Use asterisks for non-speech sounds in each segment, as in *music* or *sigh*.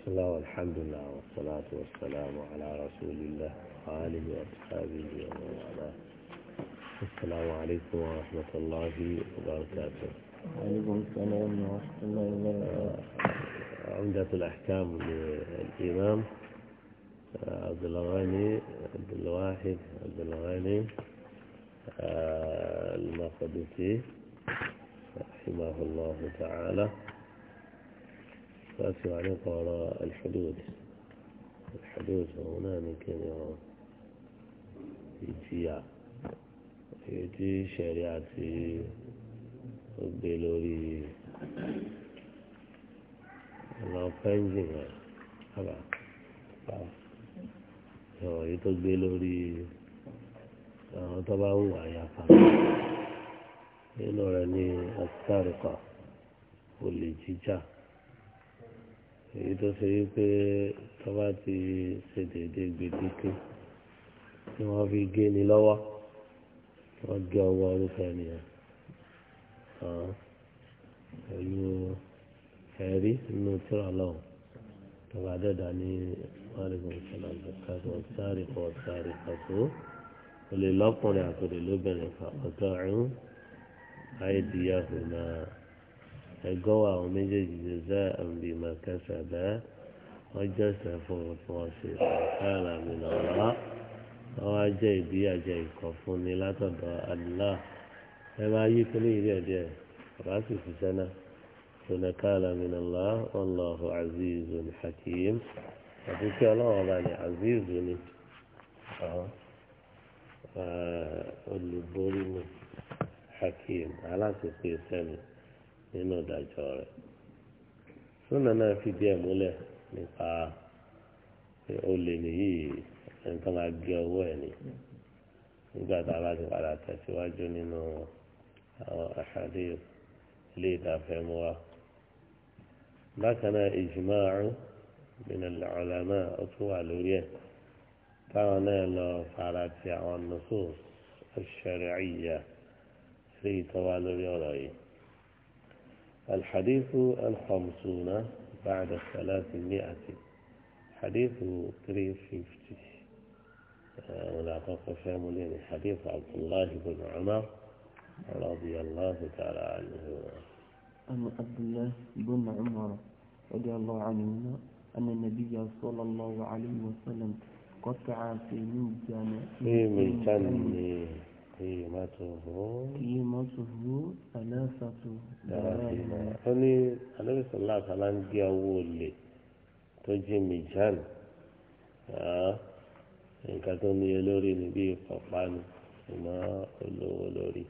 بسم الله والحمد لله والصلاة والسلام على رسول الله وآله وأصحابه ومن والاه السلام عليكم ورحمة الله وبركاته وعليكم السلام ورحمة الله وبركاته عمدة الأحكام للإمام عبد الغني عبد الواحد عبد الغني آه، المقدسي رحمه الله تعالى فاسي عليك وراء الحدود الحدود هنا ممكن يجيع يجي شريعتي وبيلوري لو فنجي هبا èyí tó gbé lórí àwọn tó bá ń wà ya fa èyí tó ṣe wípé tọ́ba ti ṣe déédéé gbèdéke tí wọ́n fi gé ni lọ́wọ́ wọ́n gé ọwọ́ orúkọ ènìyàn pẹ̀lú ẹ̀rí nínú tíra lọ́wọ́ tọ́ba dẹ́dà ní wàlúùkùn sọ̀làgbọ̀ kàtó sáré kọ̀ sáré kàtó olè lọ́kùnrin àtòlè lóbìnrin kà ọ̀gá ọ̀hún àìdíyàwó náà ẹ̀gọ́ wa àwọn méjèèjì jaza'an bima kasaba wọ́n jẹ́sẹ̀ fún wọn tí wọ́n ṣe sàkàrà mi lọ́wọ́ wọ́n wá jẹ́ ìbíyàjẹ́ ìkọ̀ fún ni látọ̀dọ̀ Allah ẹ máa yí kíní ìdí ẹ̀díẹ̀ bàbá sì ṣiṣẹ́ náà sunakala min Allah wallahu azizun hakim àti kí ọlọ́run ọba ni azizu ni eh, olùborí ni hakim aláṣepé sẹ́ni nínú ìdájọ́ rẹ̀ súnà náà fìdí ẹ̀ múlẹ̀ nípa olè nìyí ẹni tó máa gé ọwọ́ ẹ̀ ni nígbà tá a bá ti padà tẹ̀síwájú nínú àwọn àṣàdé ilé ìdáfẹ́ mú wa. bákan náà ìjùmọ̀ àrùn من العلماء طوالوريا تعالى الله فعلت عن النصوص الشرعية في طوالوريا رأيه الحديث الخمسون بعد الثلاثمائة حديث 350 آه، ولا تقفهم لين حديث عبد الله بن عمر رضي الله تعالى عنه أن عبد الله بن عمر رضي الله عنهما أن النبي صلى الله عليه وسلم قطع في منجان في منجان قيمته قيمته ثلاثة دراهم أني النبي صلى الله عليه وسلم جاء ولي تجي ميجان nǹkan tó ní olórí ni bíi pàpánu ṣùgbọ́n olówó lórí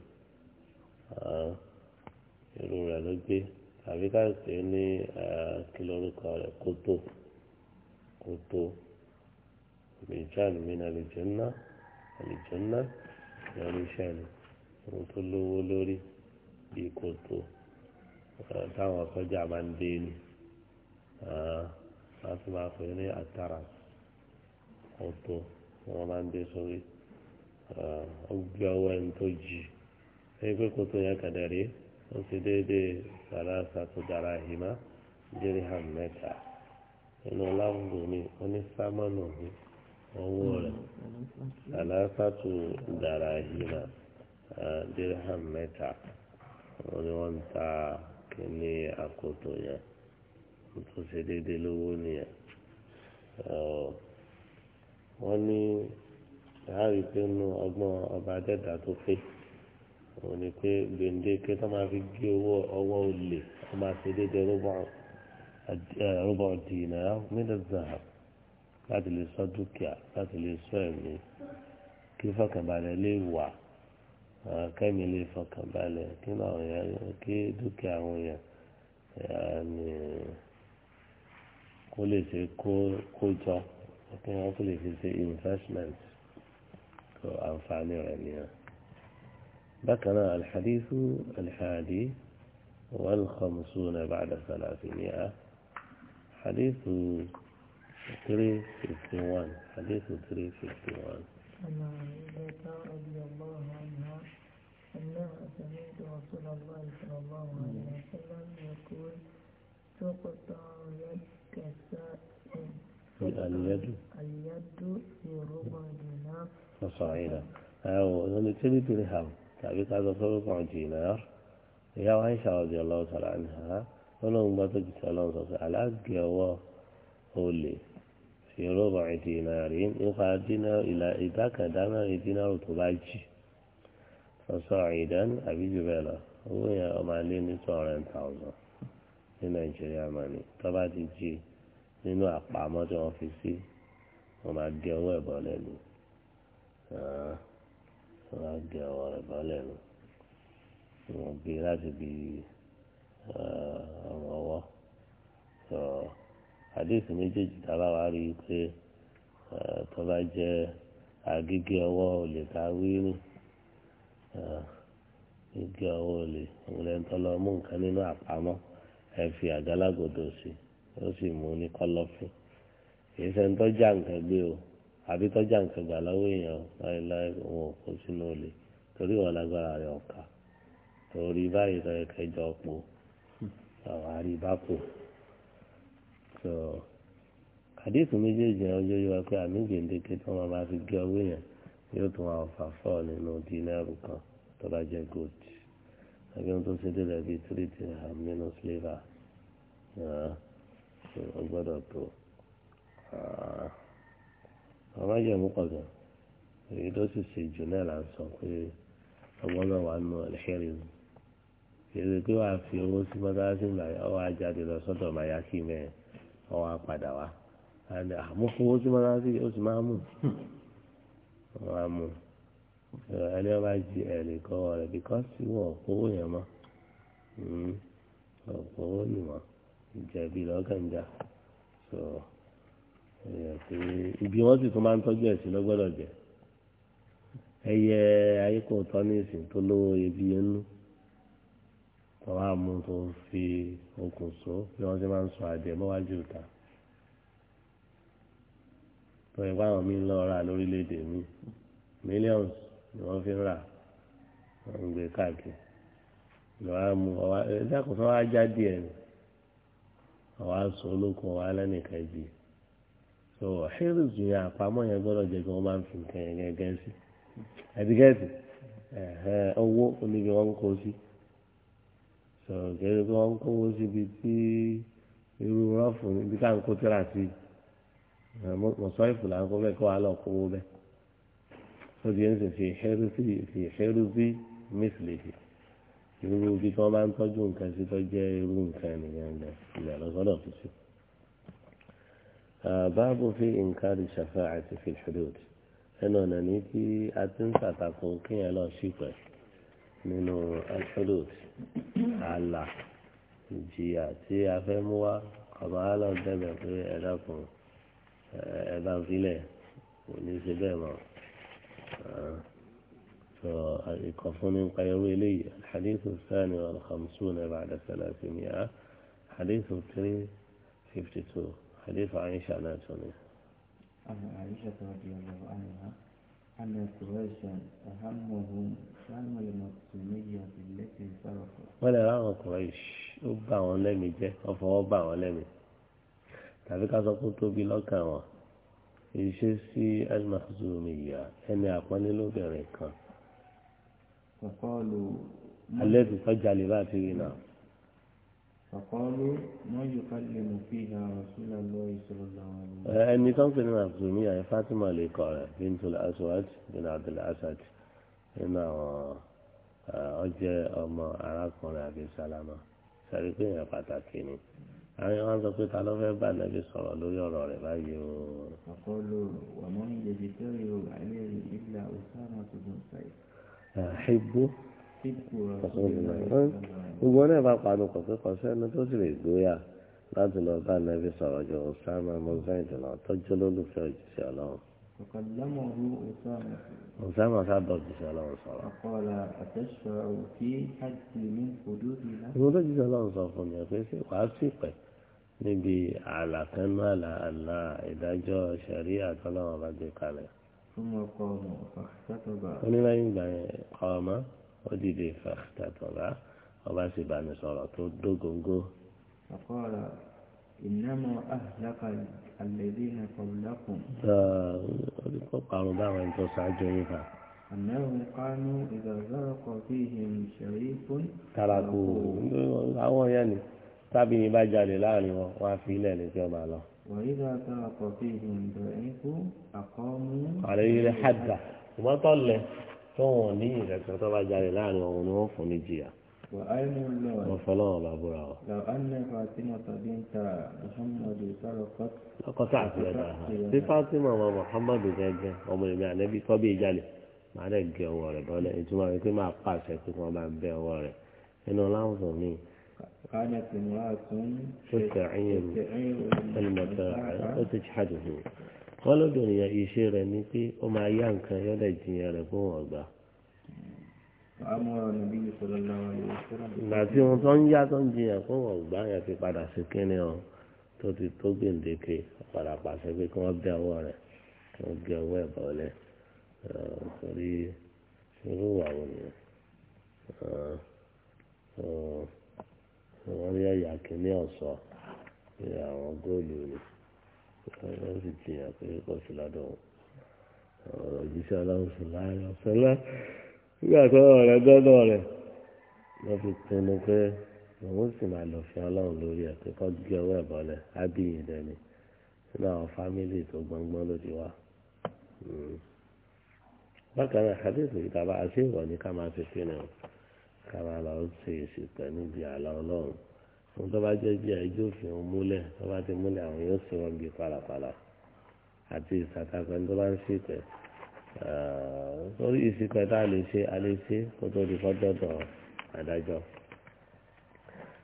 irú rẹ̀ ló gbé tàbí káàkiri ní kí lórúkọ rẹ̀ kótó kótó mìíràn mìíràn àlùjọ́nà àlùjọ́nà. oníṣẹ́ ni ohun tó lówó lórí bíi kòtò táwọn sọ́jà máa ń dé ni wọ́n ti máa pè ní àtàrà kòtò wọ́n máa ń dé sórí ọgbẹ́ ọwọ́ ẹni tó jì ẹni pé kòtò yẹn kẹ̀dẹ̀ rí ó ti déédéé sàrà sàtúndàrà ìhìmá dirham mẹ́ta nínú láwùjọ mi ó owó hmm. rẹ̀ àlàáfàtò dàràhìmà dirham mẹ́ta wọ́n ní wọ́n ń ta kíní àkótó yẹn tó ṣe déédéé lówó nìyẹn wọ́n ní láàrin pé nínú ọgbọ́n ọba adẹ́dà tó pé òun ni pé gbèǹdéke tó máa fi gé owó ọwọ́ olè tó máa ṣe déédéé rúbọ̀n dìínà mílíọ̀nù zahab. láti lè sọ dúkìá láti lè sọ ẹ̀mí kí fọkànbalẹ̀ lè wà kẹ́mi lè fọkànbalẹ̀ kí àwọn èèyàn kí dúkìá àwọn èèyàn kó lè ṣe kó jọ kí wọ́n kó lè fi ṣe investment kó àǹfààní rẹ̀ nìyẹn. بكر الحديث الحادي والخمسون بعد ثلاثمائة حديث three fifty one hadith three fifty one. أنا عائشة رضي الله عنها أنها سمعت رسول الله صلى الله عليه وسلم يقول تقطع يد كسائل اليد اليد لربع دينار فصاعدا أو أنا تبي درهم tàbí ká sọ fún kan jìnnàr ìyá wa Aisha radiyallahu ta'ala anha wọn lọ́n gbọ́ tó ti sọ lọ́n sọ pé aláàgbẹ̀ ọwọ́ olè fi rọ́bà ìdínárì nípa ìlà ìdákàdáná ìdínárì tó bá jì sọ́sọ́ ìdán àbí jù bẹ́ẹ̀ lọ owó yẹn ọmọ alẹ́ ní two hundred thousand ní nàìjíríà mọ́ni tó bá ti jì nínú àpamọ́ tí wọ́n fi sí wọ́n máa gé ọwọ́ ẹ̀bọ lẹ́nu wọ́n máa gé ọwọ́ ẹ̀bọ lẹ́nu wọ́n gbé láti bí ọmọ ọwọ́ sọ̀rọ̀ àdéhùn méjèèjì tábà wá rí i pé tọ́ba jẹ́ agígé ọwọ́ olè tá a wí rìn agígé ọwọ́ olè ìrẹ̀ntọ́ lọ mú nǹkan nínú àpamọ́ ẹ fi àgálágòdò sí ó sì mú ní kọ́lọ́fín kì í sẹ́ni tọ́jà nǹkan gbé o àbí tọ́jà nǹkan gbà lọ́wọ́ èèyàn láéláé òun ò kó sínú olè torí wọn lágbára rẹ̀ ọ̀ka torí báyìí lọ́yẹ̀kẹ́jọ́ pọ̀ *laughs* àwọn àríbápò. so àdéhùn méjèèjì yẹn ọjọ́ yóò wá pé àmì gbèǹdéke tí wọ́n máa fi gé ọwọ́ yẹn yóò tún wá ọ̀fà nínú dínárù kan tó bá jẹ́ gold àbí ohun tó ṣe délẹ̀ bíi three dirham nínú flavour ọ gbọ́dọ̀ tó àwọn ajẹ́mú kọ̀ọ̀kan èyí tó sì ṣe jù náà là ń sọ pé ọgbọ́n náà wà nù ẹ̀ṣẹ́rin pé wàá fi owó sí ajáde lọ ọwọ́ padà wa àmú ah, fún owó tí wọ́n rá sí oṣù máa mú wọ́n á ẹni wọ́n bá jí ẹ̀rì kọ́ rẹ̀ bíkọ́sì wọ́n òkòwò yẹn mọ́ òkòwò hmm. nì wọ́n so ibi sì tún máa ń ẹyẹ ní tọ́wọ́ àmú tó fi okùn so bí wọ́n ti máa ń sọ àdìẹ mọ́wájú ìta mi lọ ra lórílẹ̀‐èdè mi millions ni wọ́n fi ń rà wọ́n gbé káàkiri lọ́wọ́ àmú ọwọ́ ẹ̀dá kò sọ́wọ́ ajá díẹ̀ ni so ṣéèrè jù yẹn àpamọ́ yẹn gbọ́dọ̀ jẹ́ kí wọ́n máa ń fi nǹkan yẹn gẹ́gẹ́ sí owó oníbi wọn kó sí. sọ̀rọ̀ kẹ́rin kí wọ́n ń kówó síbi tí irú rọ́ọ̀fù níbi tá à ń kó tíra sí mọ̀sọ́ ìfúlà ń kó bẹ́ẹ̀ kó wa lọ kówó bẹ́ẹ̀ ó di ẹ̀ ń sìn fi ìṣẹ́rú sí fi ìṣẹ́rú sí mísìlèsì irú bí tí wọ́n bá ń tọ́jú nǹkan sí tó jẹ́ irú nǹkan nìyẹn lẹ̀ ilẹ̀ lọ́sọ́dọ̀ fi sí. báàbò fi nǹkan rí ṣàfà àti fi ìṣòro ẹnu ọ̀nà ní kí a ti ń ṣàtàkùn kíyàn lọ sí pẹ̀lú nínú alhudud ààlà ìjìyà tí a fẹ́ mú wá àbáhálà dẹ́bẹ̀ pé ẹ̀dá kan ẹ̀dá fílẹ̀ kò ní ṣe bẹ́ẹ̀ mọ́ sọ ìkọ̀fún nípa irú eléyìí alhadithu sani alhamsun ba'da salasin ya hadithu three fifty two hadithu aisha náà tún ni. عن عائشة رضي الله عنها أن قريشا أهمهم شأن المقسومية التي صرفت ولا رأوا قريش أبا ونمي جه أفو أبا ونمي. tàbí ká sọ pé ó tóbi lọ́kàn wọn ìṣe sí alimahzumiya ẹni àpọ́nlélóbìnrin kan. alẹ́ ti sọ́jà lè bá rí náà. فقالوا ما يكلم فيها رسول الله صلى الله عليه وسلم أني تنقل من عبدالمية فاطمة لقاء بنت الأسود بن عبد الأسد هنا أجا أما أراكم أبي سلامة سألتني يا فاتاكيني àwọn yẹn wọn sọ pé ta ló fẹ́ bá nàbí sọ̀rọ̀ lórí ọ̀rọ̀ rẹ̀ báyìí o. àkọlù wàmọ́ ìjẹ̀bi tẹ́lẹ̀ o àìlè ìlà òsán àtúntò ṣàì. àhìbó gbogbo náà bá panu kọ̀ọ̀kan kan sẹ́nu tó sì lè gbóyà láti lọ bá nàbí sọ̀rọ̀ jọ ọ̀sánà mọ́sáì tó náà tọ́jú lólùfẹ́ òjìṣẹ́ ọlọ́run. ọ̀sánà sábà òjìṣẹ́ ọlọ́run sọ̀rọ̀. ìwọ́n tó jíṣẹ́ ọlọ́run sọ fún mi pé ṣé wàá sì pẹ́ níbi àlàkánú àlà àlà ìdájọ́ ṣẹ̀rí àtọ́lọ́wọ́n bá gbé kalẹ̀. ó ní lẹ́yìn ìgbà yẹn ọmọ ó dìde fàtàtọ̀lá ọba sì bá mi sọ̀rọ̀ tó dógóńgó. àkọ́ọ̀rọ̀ ìnáwó àhàlákà àlẹ́bí náà kọ̀ọ̀lù lákùn. ó ní kó parun báwọn ẹni tó ṣáájú yín kan. أنهم قالوا إذا زرق فيهم شريف تركوه àwọn yẹn ni tàbí ní bá jalè láàrin wọn wọn á fi ilẹ̀ ní tí máa lọ. وإذا زرق فيهم ضعيف أقاموا عليه الحد ṣùgbọ́n tọ́lẹ̀ tọ́wọ̀n ní ìrẹ̀kan tó bá jáde láàrin ọ̀hún ni wọ́n fún ní jìyà. wọ́n fọlọ́wọ́n bá búra wọn. lọ́kọ́tà àti ẹ̀dá tí Fatima ọmọ Muhammadu gẹ́gẹ́ ọmọ ìgbà ànẹ́bí kọ́ bí ìjálè màá dẹ̀ gé ọwọ́ rẹ̀ bọ́lẹ̀ ìtumọ̀ rẹ̀ pé máa pàṣẹ pé wọ́n bá bẹ ọwọ́ rẹ̀ nínú láwùjọ mi. كانت امرأة تستعير المتاع وتجحده wọ́n lóbìnrin yẹn iṣẹ́ rẹ̀ ni pé ó máa yá nǹkan yọ́dẹ̀ jiyàn rẹ̀ fún wọn gbà. ìgbà tí wọn tó ń yá tó ń jiyàn fún wọn gbà yẹn ti padà sí kínní ọ tó ti tó gbèǹdéke padà pàṣẹ pé kí wọ́n bẹ́ ọwọ́ rẹ̀ kí wọ́n gé ọwọ́ ẹ̀ bọ́lẹ̀ torí irú àwọn nìyẹn wọ́n rí ẹ̀yà kínní ọ̀sọ́ àwọn góòlù ni wọ́n sì ti àpẹẹrẹ pọ̀ sí lọ́dọ̀ ọ̀rọ̀ òjíṣẹ́ ọlọ́run sì láàrin ọ̀sẹ̀ ńlá nígbà tó ọ̀rọ̀ rẹ̀ dọ́dọ̀ rẹ̀ wọ́n fi pinnu pé òun sì máa lọ fi ọlọ́run lórí ẹ̀ pé kọ́ gé ọwọ́ ẹ̀ bọ́lẹ̀ ábíyìn dẹni nínú àwọn fámìlì tó gbọ́ngbọ́n ló ti wá. bákan náà àdéhùn ìtàbá àṣewọ̀ ni ká máa fi pinnu ká máa lọ ṣe èsì pẹ̀lú ibi àlọ́ ọlọ́run fún tó bá jẹ́ bí ẹjọ́ òfin òun múlẹ̀ tó bá ti múlẹ̀ àwọn yóò sì wọ́n bí pàlàpàlà àti ìsàkàpẹ́ tó bá ń ṣèpẹ́ sórí ìsìnkẹ́ tá a lè ṣe a lè ṣe kó tó di fọ́dọ̀dọ̀ adájọ́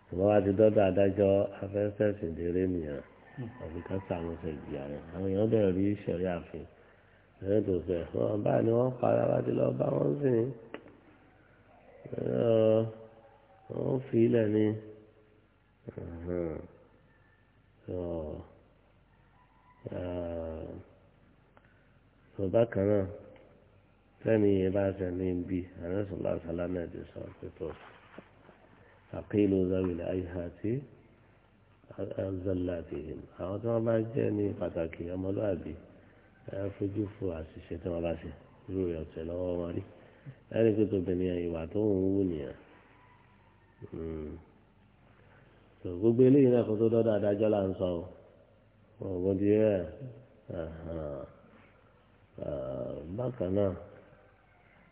ṣùgbọ́n wá ti dọ́dọ̀ adájọ́ afẹ́sẹ̀sìn déré nìyẹn àfi ká sàmú ṣe ìjìyà rẹ̀ àwọn èèyàn bẹ̀rẹ̀ rí ìṣẹ̀rí àfin lẹ́yìn tó fẹ́ wọn bá ní wọ́n para láti lọ bá wọn sìn wọ́n fi ilẹ̀ ni bàbá kan náà sẹ́ni yẹn bá sẹ́ni ń bí àná sọ̀lá sọ̀lá náà ti sọ pé tó àkéèlú záwìlẹ̀ àyíká tí azalaatihim àwọn tí wọn bá jẹ ní pàtàkì ọmọlúwàbí ẹ fojú fo àṣìṣe tí wọn bá ṣe irú rẹ ọtẹ lọ́wọ́ wọn rí ẹni pé tóbi ní ìwà tó ń wù nìyẹn. Hmm tó gbogbo eléyìí náà kó tó dọ́dọ̀ adájọ́ là ń sọ o ọ̀gbọ́n ti rẹ̀ bákan náà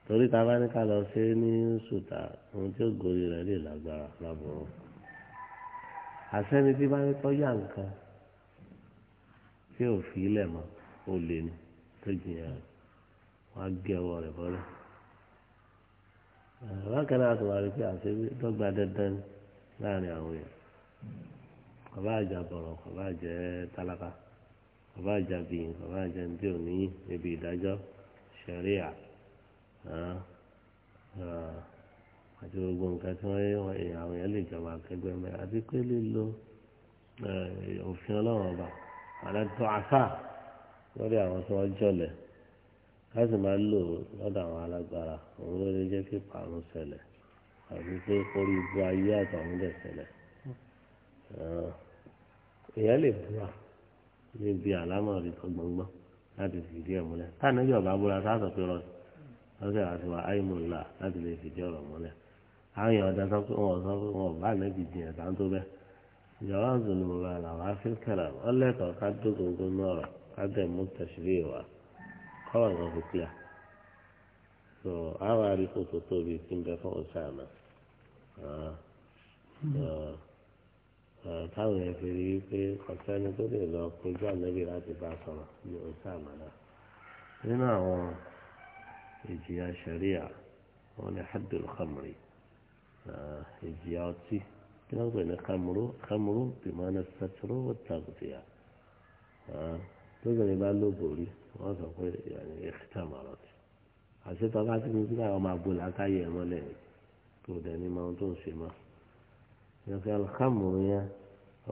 torí ta bá ní ká lọ ṣe ní sùtà ohun tí ó gòrí rẹ̀ lè lágbára lábòrò àṣẹ́ni tí bá ní kọ́ yá nǹkan tí ò fi ilẹ̀ mọ́ ó lè ní tó jìyàn rẹ̀ gé ọwọ́ rẹ̀ bọ́lẹ̀ bákan náà tó pé àṣẹ dọ́gba dandan láàrin àwọn èèyàn ọba àjà bọ̀rọ̀ ọba àjẹ tálákà ọba àjà bìyìn ọba àjà ndí òní ibi ìdájọ́ ṣẹ̀ríà àti gbogbo nǹkan tí wọ́n yẹ àwọn yẹn lè jọba akẹgbẹ́ mẹ́ àti pé lílo òfin ọlọ́run ọba àdàtọ̀ àfà lórí àwọn tí wọ́n jọlẹ̀ láti máa lò lọ́dọ̀ àwọn alágbára òun ló lè jẹ́ kí pààrùn ṣẹlẹ̀ àti pé orí ibu ayé àtọ̀hún dẹ̀ ṣẹlẹ̀. èèyàn lè búra níbi àlámọ̀ rí tó gbọ̀ngbọ̀n láti fìdí ẹ̀ múlẹ̀ táwọn ẹ̀yọ́ bá búra sáàtọ̀ pé rọ̀ lọ́sẹ̀ àti wà áìmọ̀lá láti lè fìdí ọ̀rọ̀ múlẹ̀ àwọn èèyàn sọ pé wọn sọ pé wọn bá tó ìjọba ń ká náà ká mú fi àwọn tó tóbi bẹ táwọn yẹn fi rí i pé ọ̀sẹ́ni tó lè lọ kojú ànábì láti bá a sọ̀rọ̀ ní oṣù àmàlà nínú àwọn ìjìyà sẹ̀ríà wọn ni haddul khamri eh, ìjìyà ọtí kí wọ́n pè ní khamru bimana saturu tagutia lóbìnrin eh, bá lóbò rí wọ́n sọ pé ìkítà màrọ̀ tí àṣetọ́ bá ti ní sílẹ̀ ọmọ abúlé akáyẹ̀ mọ́lẹ̀ kò dẹ̀ ní máa tó ń ṣe máa. ìyọ̀kẹ́ alùkámù ya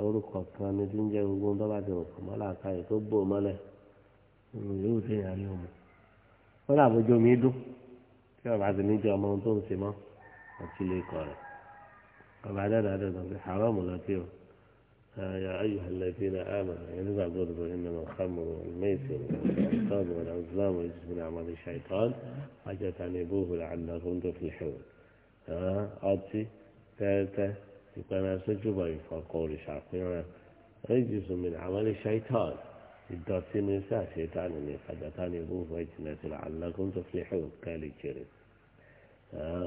orúkọ kan ní tí ń jẹ́ gbogbo ń dọ́là jẹun fún mọ́lá àkáyè tó bò mọ́lẹ̀ yóò dé ìyá ní ọmọ wọ́n dà bójú omi dùn tí ọba ti ní ka bo mole yoo de ya ni omo won da boju mi dun ti oba ti ni je omo tó ń ṣe mọ́ àti ilé ko rẹ̀ ọba dáadáa dọ̀dọ̀ pé haram lọ́tí o ya ayu halabi na ama yẹn nígbà gbọdọ̀ inú ma xamu mẹ́sìn ọ̀sán ọ̀dọ̀ ọ̀sán ọ̀sán ọ̀sán àmàlẹ́ ṣàìtàn ní ibùhùn àdàkùn tó fi ṣòwò ọtí tẹ́tẹ́ ìpẹ́rẹ́ sójúbọ̀ ìfọ̀kọ̀ òrìṣàpínrẹ́ ẹ̀jì sùnmìnà من عمل الشيطان، ní sí àṣetánì ní fàjọtá ní ìbú fún ìtìlẹ̀ ìtìlẹ̀ alágún tó fi hẹ́ òkèlè jèrè.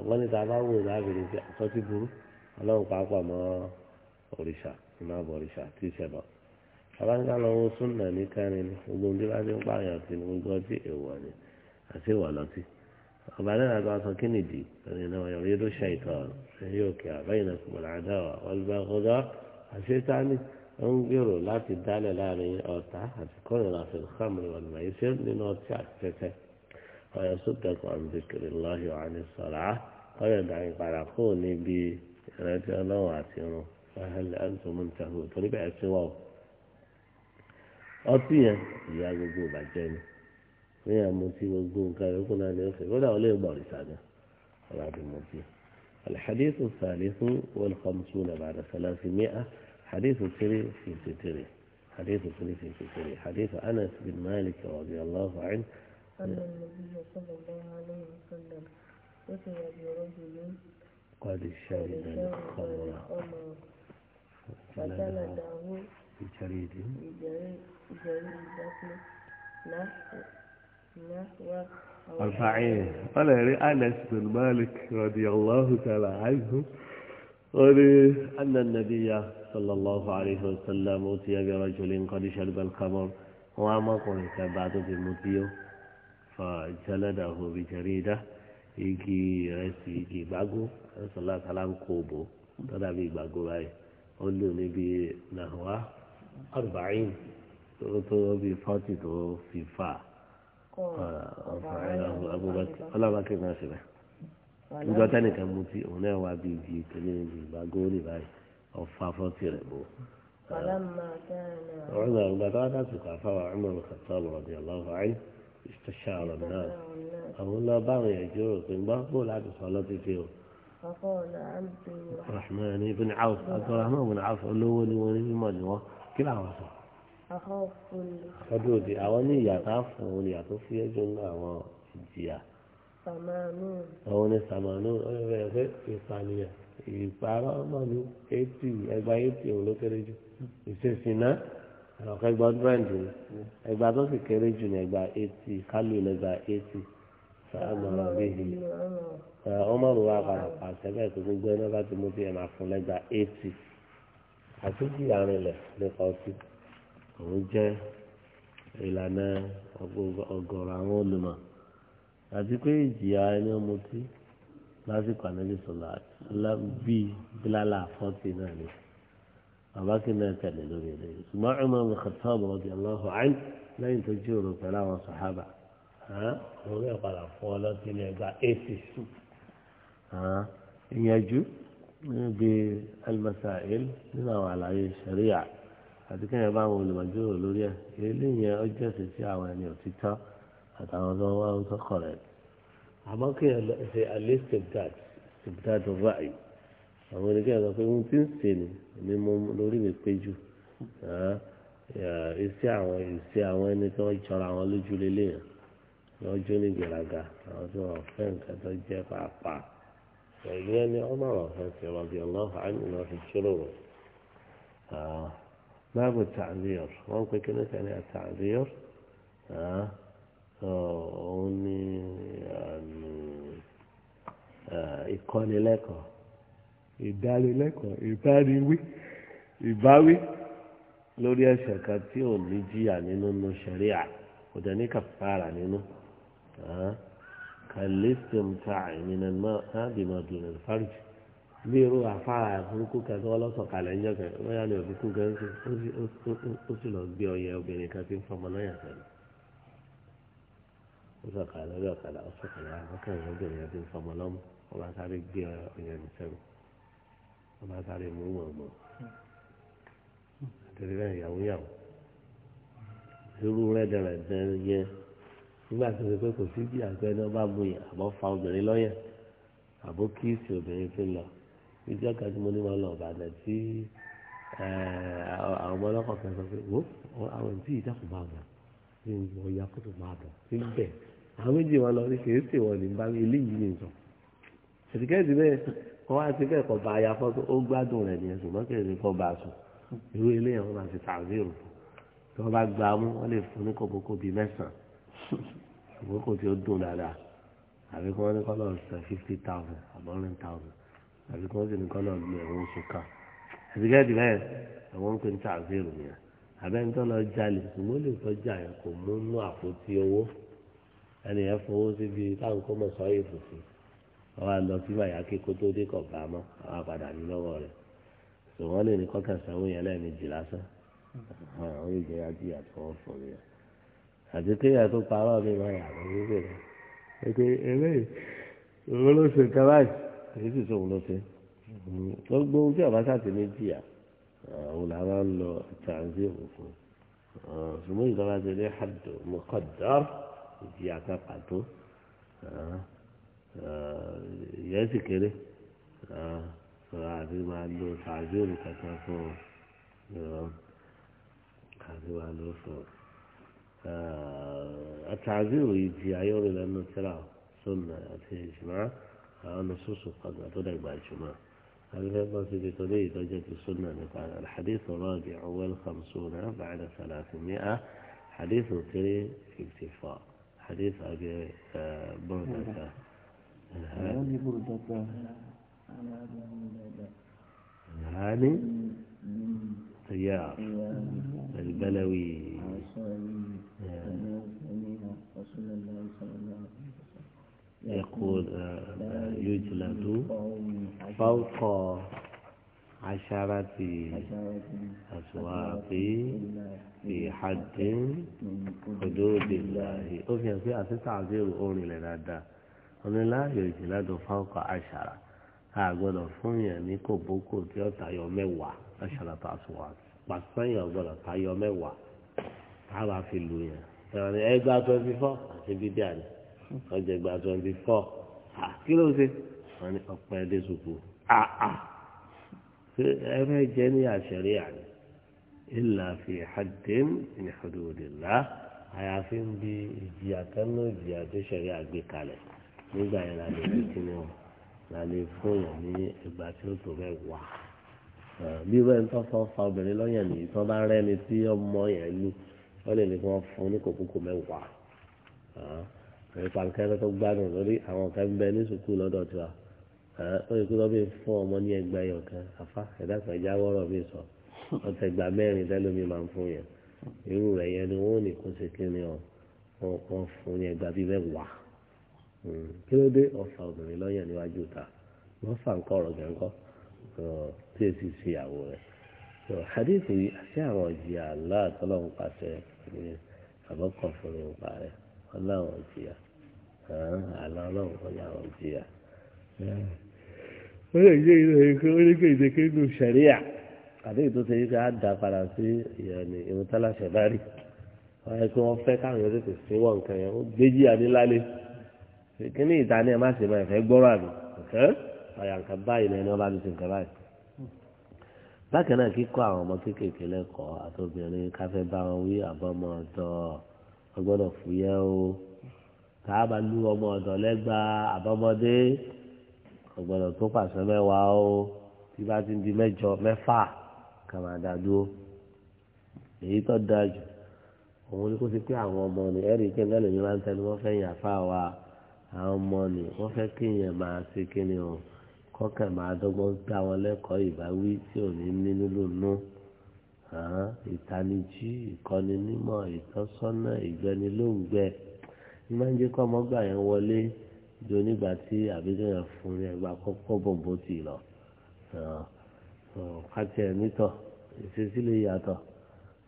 wọ́n ní tàbá wò lábìrin tí àtọ́ ti burú ọlọ́run pàápàá mọ́ òrìṣà iná bọ̀ òrìṣà tí ìṣẹ̀bọ̀. abáńgá lọ wo súnà ní kẹrin ní gbogbo ndí bá ti ń pààyàn tí gbogbo ọtí èèwọ̀ ni àti ìwà lọ́tí. وبعدين أبعث كنيدي فإنه يعني يريد الشيطان أن يوقع بينكم العداوة والبغضاء حسيت عني انظروا لا تدعي لاني أو تعهد كل في الخمر والميسر لنوت تتك ويصدك عن ذكر الله وعن الصلاة ويدعي قرقوني بي رجع فهل أنتم منتهون فلبعث سواه أطيئا يا جوجو الجنه ní àmọ́tí gbogbo nǹkan yòókù náà ní ọ̀sẹ̀ kódà ó lè mọ̀ ọ̀rìṣà náà ọ̀rọ̀ àdìmọ̀tí. الحديث الثالث والخمسون بعد ثلاثمائة حديث سري في ستري حديث سري في ستري حديث أنس بن مالك رضي الله عنه أن النبي صلى الله عليه وسلم أتي برجل قد شرد الخمر فلنعه بجريد بجريد بجريد أربعين أنا يعني أنس بن مالك رضي الله تعالى عنه قال أن النبي صلى الله عليه وسلم أتي برجل قد شرب الخمر وما قلت بعد في المتيو فجلده بجريدة يجي رسي يجي باغو صلى الله عليه وسلم كوبو تدابي باغو باي قل نبي نهوه أربعين تو بي فاتي في فا abubakar ọlọ́bàkẹ́ náà síbẹ̀ nígbà tẹ́nìkan mu ti òun náà wá bí ibi tẹ́lẹ̀ níbi ìgbà góòlì báyìí ọ̀fà fọ́tì rẹ̀ bò. ọ̀rọ̀ ìgbà tó wá dásìkò àfáwà ọmọ ìkàtà ọ̀rọ̀ ni ọlọ́wọ́ ayé ìṣẹ̀ṣẹ̀ ọ̀rọ̀ náà àwọn lọ bá àwọn jíròrò pé gbọ́ bó láti sọ ọlọ́tí o. rahman ibn Awf abdulrahman ibn ọdún òde àwọn ní ìyà tá a fún òun ìyà tó fúyẹ́ jù ní àwọn ìjìyà àwọn ní sàmánù ọ̀rẹ́ pé ìpànìyàn ìpààrọ̀ ọmọ ní eighty ẹgba eighty òun ló kéré jù ìṣèṣìná ọ̀kẹ́ gba ọdúnrẹ́ǹdì ẹgba tó sì kéré jù ní ẹgba eighty kálù ní ẹgba eighty sàmánù bíi ọmọ rẹ wà padà pàṣẹ bẹ́ẹ̀ tó gbogbo ẹ̀ náà bá ti mú bí ẹ̀ máa fún lẹ́gba eighty àtúntì àárín rẹ̀ nípa ọtí òun jẹ́ ìlànà ọ̀gọ̀rọ̀ àwọn olùmọ̀ àti pé ìjìyà ẹni ọmọtí lásìkò ànábì sọlá bíi bílálà fọ́tì náà ni bàbá kí náà tẹ̀lé lórí ilé ṣùgbọ́n Umar bin Khattab radiyallahu anhu lẹ́yìn tó jí òrò pẹ̀lú àwọn sàhábà òun náà padà fún ọ ní ẹgbàá eighty two ìyẹn jù níbi al-masail nínú àwọn àlàyé sharia àti kẹ́yìn bá àwọn olùmọ̀jòrò lórí ẹ̀ eléyìí ọjọ́ sì sí àwọn ẹni òtítọ́ àtàwọn ọ̀dọ́ wa ń tọkọ̀ rẹ̀ àmọ́ kẹ́yìn ṣe alẹ́ stepdad stepdad ọba yìí àwọn oníkẹ́yìn sọ pé ohun tí ń ṣe ni ni mo lórí mi pé jù iṣẹ́ àwọn iṣẹ́ àwọn ẹni tí wọ́n jọra àwọn lójú lélẹ̀ yẹn wọ́n jó ní gbèrágà àwọn tí wọ́n fẹ́ nǹkan tó jẹ́ pàápàá ìyẹn ni ọmọ àwọn ọ̀fẹ́ ti rọ̀bì ọlọ́fàá ní باب التعذير ممكن كده يعني التعذير ها أوني يعني ìkọ́nilẹ́kọ̀ọ́ ìdánilẹ́kọ̀ọ́ ìbániwí ìbáwí lórí ẹ̀ṣẹ̀ kan tí ò ní jìyà nínú nu ṣẹ̀ríà kò dẹ̀ ní kàfàrà nínú kàlísìm tá àìmínà náà bímọ dùnú fáríjì bí irú àfárá burúkú kan tó lọ́sọ̀ kalẹ̀ ń yọ̀gàn lọ́yà ni òbí kú gan ó sì lọ gbé ọyẹ obìnrin kan tí ń fọmọ lọ́yà sẹ́nu ó sọ̀kalẹ̀ lọ́yà kalẹ̀ ó sọ̀kalẹ̀ àbọ̀kẹ́rẹ́ obìnrin kan tí ń fọmọ lọ́mú ó sáré gbé ọyẹ mi sẹ́nu ó sáré mú mọ̀ọ́mọ́ àtẹ̀lé náà yàwó yàwó irú rẹ̀ dẹ̀rẹ̀ dẹ̀rẹ̀ yẹ nígbà tó ṣe pé kò sí bí àgbẹ̀ náà bá mú yàn fa obìnrin lọ́yà àbó kíìsì obìnrin fi lọ ìjọ kan tí mo ní wọn lọ ọ̀bàdàn tí àwọn ọmọ ọlọ́kọ̀ kan sọ pé wo àwọn ìdí ìdákùn máa bọ̀ ní ọ̀ya kótó máa bọ̀ sí bẹ̀ àwọn méjì wọn lọ rí kì í sì wọn ní bá mi eléyìí ní ìtàn ẹ̀dìkẹ́ẹ̀dì bẹ́ẹ̀ kọ́ wá sí bẹ́ẹ̀ kọ́ bá aya fọ́tò ó gbádùn rẹ̀ ní ẹ̀sùn mọ́kẹ́rẹ́ ní kọ́ bá a sùn irú eléyìí wọn máa ti tàbíìrù tí wọ́n bá gbà á mú wọ́n lè fún ní kòbókò bíi mẹ́sàn-án kòbókò tí ó dùn dáadáa àbí kí wọ́n ní kọ́ lọ́ọ̀ sàn fifty thousand àbọ̀rin thousand àbí kí wọ́n sì ní kọ́nà ọ̀gbìn ẹ̀wọ̀n oṣù ká àti gẹ́gẹ́ bẹ́ẹ̀ àwọn ń pè ní tààzírù yẹn abẹ́ni tó lọ jalè ṣùgbọ́n lè fọ́ jà yẹn kò mú nú àpótí owó ẹni yẹn fowó síbi táwọn kó mọ̀ sọ́yìn fòfin wọ́n á lọ sí bàyà kí kó tó dé kọ̀ bá mọ́ àwọn àpàdà ní lọ́wọ́ rẹ̀ ṣùgbọ́n lè ní kọ́kàn sanwó yẹn lẹ́ẹ̀mejì lásán àwọn ìjẹ́ èyí sì sóhun ló ṣe gbogbo ohun tí ọba ṣàtìmí jìyà òun làwọn ń lọ tàǹsí òfin ṣùgbọ́n ìjọba ti ní hàdù mọ́kàndán ìjìyà kan pàtó ìyẹn sì kéré sọ̀rọ̀ àti máa lo tàǹsí òfin kankan fún àti máa lo fún التعذير يجي عيون لأنه ترى سنة أتيه جماعة أنا سوسو قد tó dàgbà jùmọ̀ هل ti di torí درجة السنة súnà الحديث الرابع والخمسون بعد ثلاثمائة حديث في اكتفاء حديث أبي آه، بردة هاني بردة هاني طيار البلوي آه. رسول الله صلى الله عليه وسلم يقول يجلد فوق عشرة أسواق في حد حدود الله أوكي في أساس عزيز أوني لنادا أنا لا يجلد فوق عشرة أقول فهم أني كوبوكو تيو تايو ميوا عشرة أسواق بس فاني أقول تايو ميوا هذا في اللوية يعني في 24 في ديالي ọjà ìgbà twenty four ah, kí ló ṣe wọn ní ọpẹ ẹdẹ sùkú ah, ah. ẹ fẹ́ jẹ́ ní àṣẹrí àná ìlà fi hadin ní hududillah àyàfi ń bi ìjìyà kánú ìjìyà tó ṣẹlẹ̀ àgbékalẹ̀ nígbà yẹn la lè fi kíni o la lè fún yàn ní ìgbà tí ó tó bẹ́ẹ̀ wà bí wọ́n ń tọ́fọ́ fa obìnrin lọ́yàn nìyí tán bá rẹ́ni tí ọmọ yẹn lù wọ́n lè ní kí wọ́n fún ní kòkókò mẹ́wàá ìpa nkẹ́kẹ́ tó gbádùn lórí àwọn kan bẹ ní sùkúù lọ́dọ̀ tiwa ó yẹ kí wọ́n bí fún ọmọ ní ẹgbẹ́ yọ̀ kan àfa ẹ̀dá kan já wọ́rọ̀ mi sọ ọ̀tẹ̀ gbà mẹ́rin tẹ́lómi máa ń fún yẹn irú rẹ̀ yẹn ni wọ́n ò ní kó ṣe kí ni ọ̀ wọ́n fún ní ẹgbà bíi mẹ́wàá hmm, kí ló dé ọ̀fà obìnrin lọ́yàn níwájú ta wọ́n fà ń kọ́ ọ̀rọ̀ gẹ̀ ń kọ́ tí ẹ sì ṣe ìyàwó rẹ̀ hadith àlọ́ ọlọ́run kọjá àwọn ìjìyà ó lè jẹ́ ilé ẹ̀kọ́ ó lè sẹ̀ríà àbí ètò ṣe ká dá padà sí ìyẹnì ìmútálà ṣẹ̀dárì wọ́n yẹ kí wọ́n fẹ́ káwọn yẹn tètè sí nǹkan yẹn ó gbéjì àdínlálé kíní ìta ni ẹ má ṣe máa ẹ̀fẹ́ gbọ́rọ̀ àbí ẹ̀fẹ́ ọ̀yà nǹkan báyìí lẹ́ni ọba ti nǹkan báyìí. bákan náà kíkọ́ àwọn ọmọ kéékèèké lẹ́kọ̀ọ́ àtòbìnrin káfẹ́ bá wọn wí àbọ̀mọ́ ọ̀dọ́ ọgbọ́dọ̀ fúyẹ́ o káàbà lu ọmọ ọ̀dọ̀ lẹ́gba àbọ̀mọdé ọ̀gbọ̀dọ̀ tó pàṣẹ mẹ́wàá o tí bá ti di mẹ́jọ mẹ́fà kàmáda dúró èyí tó dáa jù òun ni kó ti pé àwọn ọmọ ni ẹ̀rí kí ẹgbẹ́ lèmi máa ń tẹnu wọ́n fẹ́ yàn fà wá àwọn ọmọ ni wọ́n fẹ́ kéèyàn máa ṣe kíni o kọ́kẹ́ máa dọ́gbọ́n gbá wọn lẹ́kọ̀ọ́ ìbáwí tí ò ní ní nínú ìtanijí ìkọ́ni nímọ̀ ìtọ́sọ́nà ìgbẹ́nilóǹgbẹ́ máa ń jẹ́ kó ọmọ gbà yẹn wọlé ju onígbà tí àbíkẹ́yàn fún ní ẹgbà kọ́kọ́ bòbó tì lọ kàtí ẹ̀ nítọ̀ ìṣesí lè yàtọ̀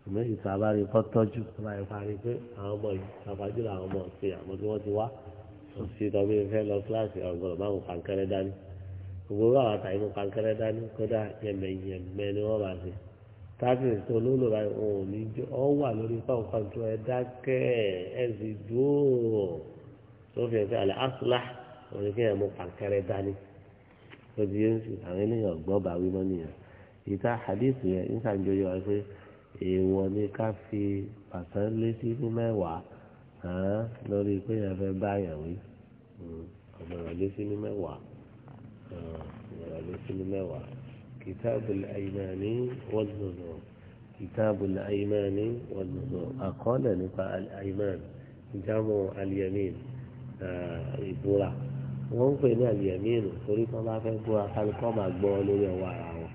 àmọ́ ìta bá rí kọ́ tọ́jú láì parí pé àwọn ọmọ yìí àpájú làwọn ọmọ ọ̀sẹ̀ àmọ́ tí wọ́n ti wá òsì tọ́bí fẹ́ lọ kíláàsì ọ̀gbọ̀n máa ń pàǹkẹ́rẹ́ dání gbogbo àwọn àtàyè mú pàǹkẹ́rẹ́ dání kódà yẹmẹyẹmẹ ni wọ́n bá ṣe tábìlì tó ló lò báyìí òun ní jẹ ọ wà lórí pàwọn kan tó ẹ dákẹ́ ẹ sì dúró tó fi ẹsẹ̀ àlẹ asúlá òun kí ẹ mú pàǹkẹrẹ dání lójú yẹn sì àwọn ènìyàn gbọ́ bá wí mọ́ nìyẹn ìta hadith yẹn níta ń jọyọ wáyé pé èèwọ̀ ni ká fi pàṣẹ létí fún mẹ́wàá hàn lórí pé yẹn fẹ́ bá yẹn wí ọ̀gbọ̀n létí ní mẹ́wàá ọ̀gbọ̀n létí ní mẹ́wàá. كتاب الأيمان والنذور كتاب الأيمان والنذور أقال نقاء الأيمان جمع اليمين ìbúra wọ́n ń pè ní àlìyàmínú torí tí wọ́n bá fẹ́ búra kálukọ́ máa gbọ́ lórí ọwọ́ ara wọn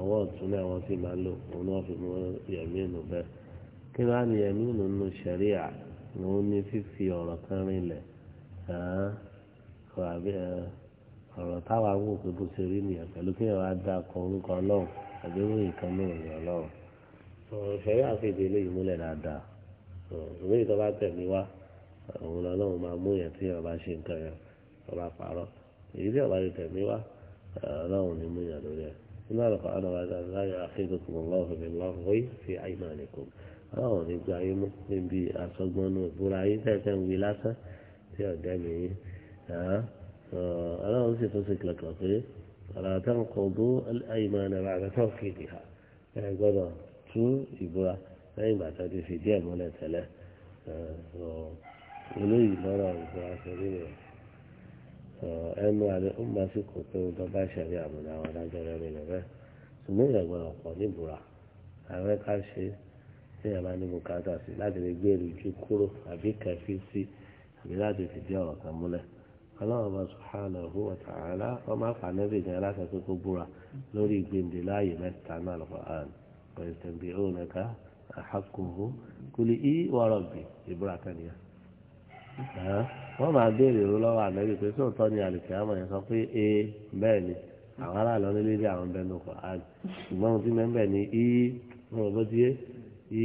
ọwọ́ ọ̀tún náà wọ́n sì máa lò òun náà fi mú yẹ̀mínú bẹ́ẹ̀ kí wọ́n á ní yẹ̀mínú nínú sẹ̀ríà òun ní fífi ọ̀rọ̀ kan rinlẹ̀ ọ̀rọ̀ táwa wò pé bó ṣe rí nìyẹn pẹ̀lú kí ẹ̀rọ adá kọ orúkọ ọlọ́run àbí ròyìn kan náà ní ọlọ́run ṣẹ̀rí àfihàn ilé ìmúlẹ̀ dáadáa ìwé ìtọ́ bá tẹ̀mí wá òun lọ́lọ́run máa mú yẹn tí ẹ̀rọ bá ṣe nǹkan yẹn ọba pààrọ̀ èyí tí ọba ti tẹ̀mí wá ọlọ́run ní mú yẹn lórí ẹ̀ nínú àlọ́kọ̀ àdàbà láyọ̀ àfihàn fi lọ́ wí fi àyìnbá nìkan ọlọ́run ní gba yín mú níbi àsọgbọ́n náà ìbúra أنا أنسي تسك لك فلا تنقضوا الأيمان بعد توكيدها يعني قضى تو يبقى lẹ́yìn bàtà ti fi díẹ̀ mọ́lẹ̀ tẹ́lẹ̀ olóyìí lọ́rọ̀ ìgbà àṣírí rẹ̀ ẹnu àlẹ́ ó máa fi kò pé ọdún bá ṣẹ̀rí àmúdá àwọn adájọ́ rẹ̀ rẹ̀ rẹ̀ ṣùgbọ́n ìyẹn gbọ́dọ̀ pọ̀ níbura àwọn ẹ̀ka ṣe tí ìyẹn bá ní bùkátà sí láti lè gbé ìrújú kúrò àbí kẹfí sí àbí láti fìdí ọ̀rọ̀ kan múlẹ̀ ọlọ́run bá subhanahu wa ta'ala wọ́n máa fà nẹ́bí gan láti ẹ̀kọ́ kó búra lórí ìgbèǹde láàyè mẹ́ta náà lọ́kọ̀ àn pẹ̀lẹ́tẹ̀mbì ònàkà àhàkùnhù kùlì í wọ́rọ̀ bì ìbúra kànìyà. wọ́n máa béèrè ìró lọ́wọ́ ànẹ́bí pé sóòótọ́ ni àlùkè àmọ̀ yẹn sọ pé ee bẹ́ẹ̀ ni àwọn aráàlú nílé dé àwọn bẹ́ẹ̀ lọ́kọ̀ àn ṣùgbọ́n mo ti mẹ́mbẹ̀ ni í mo bó ti yé í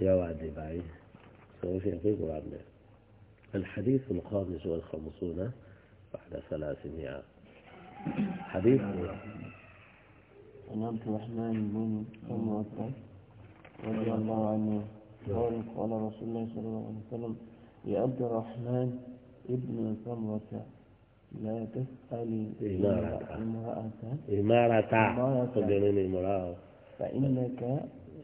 يا وعدي بعيد سوي في عقيق الحديث الخامس والخمسون بعد ثلاثمائة حديث عن عبد الرحمن بن المعطل رضي الله عنه قال قال رسول الله صلى الله عليه وسلم يا عبد الرحمن ابن سمرة لا تسأل إمارة إمارة إمارة فإنك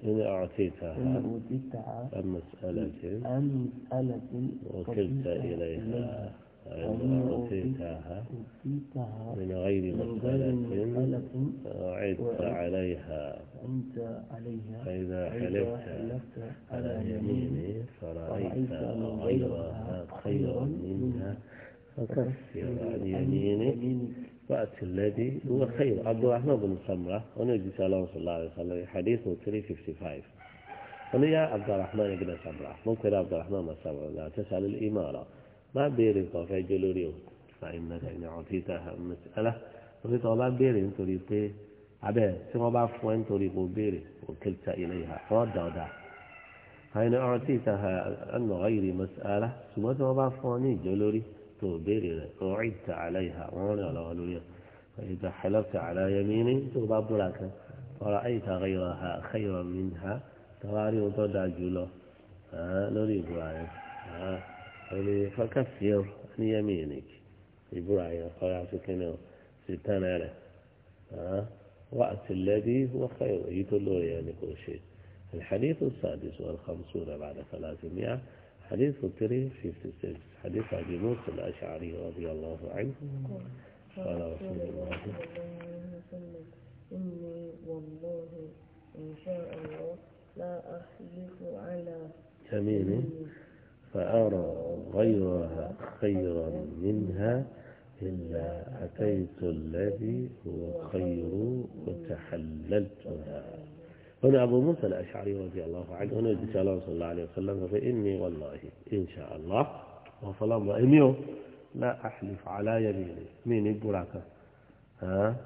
إن أعطيتها إن أعطيتها عن مسألة عن مسألة وكلت إليها إن أعطيتها من غير مسألة وعدت عليها فإذا حلفت على يميني فرأيت غيرها خيرا منها وقت الذي هو خير عبد الرحمن بن سمرة أنا جيت على صلى الله عليه وسلم حديث 355 أنا يا عبد الرحمن بن سمرة ممكن عبد الرحمن بن سمرة لا تسأل الإمارة ما بيري في جلوريو فإنك إن أعطيتها مسألة أعطيت الله بيري أنت ريبي عبد ثم بعرف وين تريبو بيري وكلت إليها فرد ودا فإن أعطيتها أن غير مسألة ثم بعرف وين جلوري تو بيري وعدت عليها وانا لو فإذا حلفت على يميني تغضب لك ورأيت غيرها خيرا منها تواري وتدع جلو نري لوري برايك فكفر عن يمينك برايك قرأت كنو ستان على آه الذي هو خير يتلو يعني كل شيء الحديث السادس والخمسون بعد ثلاثمائة حديث التري في حديث أبي موسى الأشعري رضي الله عنه قال رسول الله إني والله إن شاء الله لا أحلف على يمين فأرى غيرها خيرا منها إلا أتيت الذي هو خير وتحللتها هنا أبو موسى الأشعري رضي الله عنه هنا الرسالة صلى الله عليه وسلم فإني والله إن شاء الله وصلى الله لا أحلف على يميني من البركة ها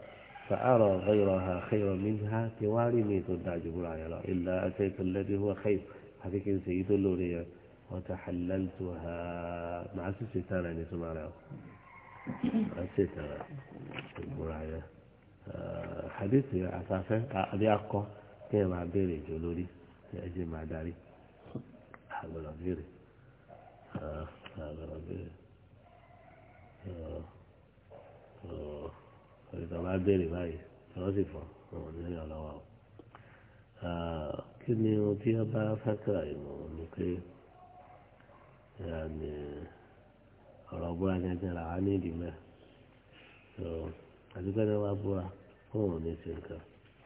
فأرى غيرها خيرا منها تواري ميت الداج برايا إلا أتيت الذي هو خير حقيقة سيد اللورية وتحللتها مع ستانا نسمع يعني له ستانا برايا آه، حديث يا أساسا أبي آه، أقوى kí ẹ máa béèrè jọ lórí ẹ jẹ máa darí àgbọ̀dọ̀ béèrè àgbọ̀dọ̀ béèrè ìtàn bá béèrè báyìí tí wọ́n sì fọ́ ọmọ ní ìyàn lọ́wọ́ o. kí ni ohun tí wọ́n bá fẹ́kẹ̀rẹ̀ ìmọ̀ ni pé ọ̀rọ̀ búra gẹ́gẹ́ làwọn á ní ìdí mẹ́ẹ̀ àti pé ní wọ́n búra fóun ní ṣe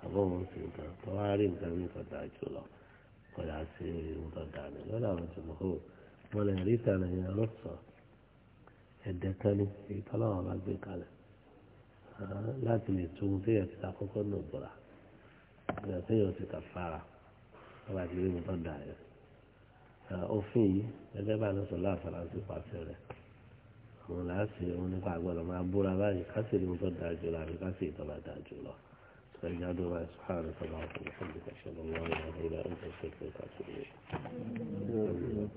àbọ̀ mọ̀ sí nǹkan tó wá rí nǹkan ní ìtọ́jà jù lọ kọjá sí ohun tó dà ní lọ́dọ̀ àwọn tó mọ̀ wọn lè rí ìtàn ẹ̀yìn ọlọ́sọ̀ ẹ̀dẹ̀ kan ní èyí tó láwọn bá gbé kalẹ̀ láti lè tún ohun téèyàn ti ta kọ́kọ́ nù bọ̀rà téèyàn ti ta fara wọn bá ti rí ohun tó dà yẹn òfin yìí gẹ́gẹ́ bá lọ́sọ̀ láàfàlà sí pàṣẹ rẹ̀ àwọn làásì òun nípa àgbọ̀dọ̀ máa búra báyìí ká sì rí ohun dà jù lọ àbí ká sì ìtọ́ dà jù lọ. استرجع دعاء سبحانك اللهم وبحمدك أشهد أن لا إله إلا أنت أستغفرك وأتوب إليك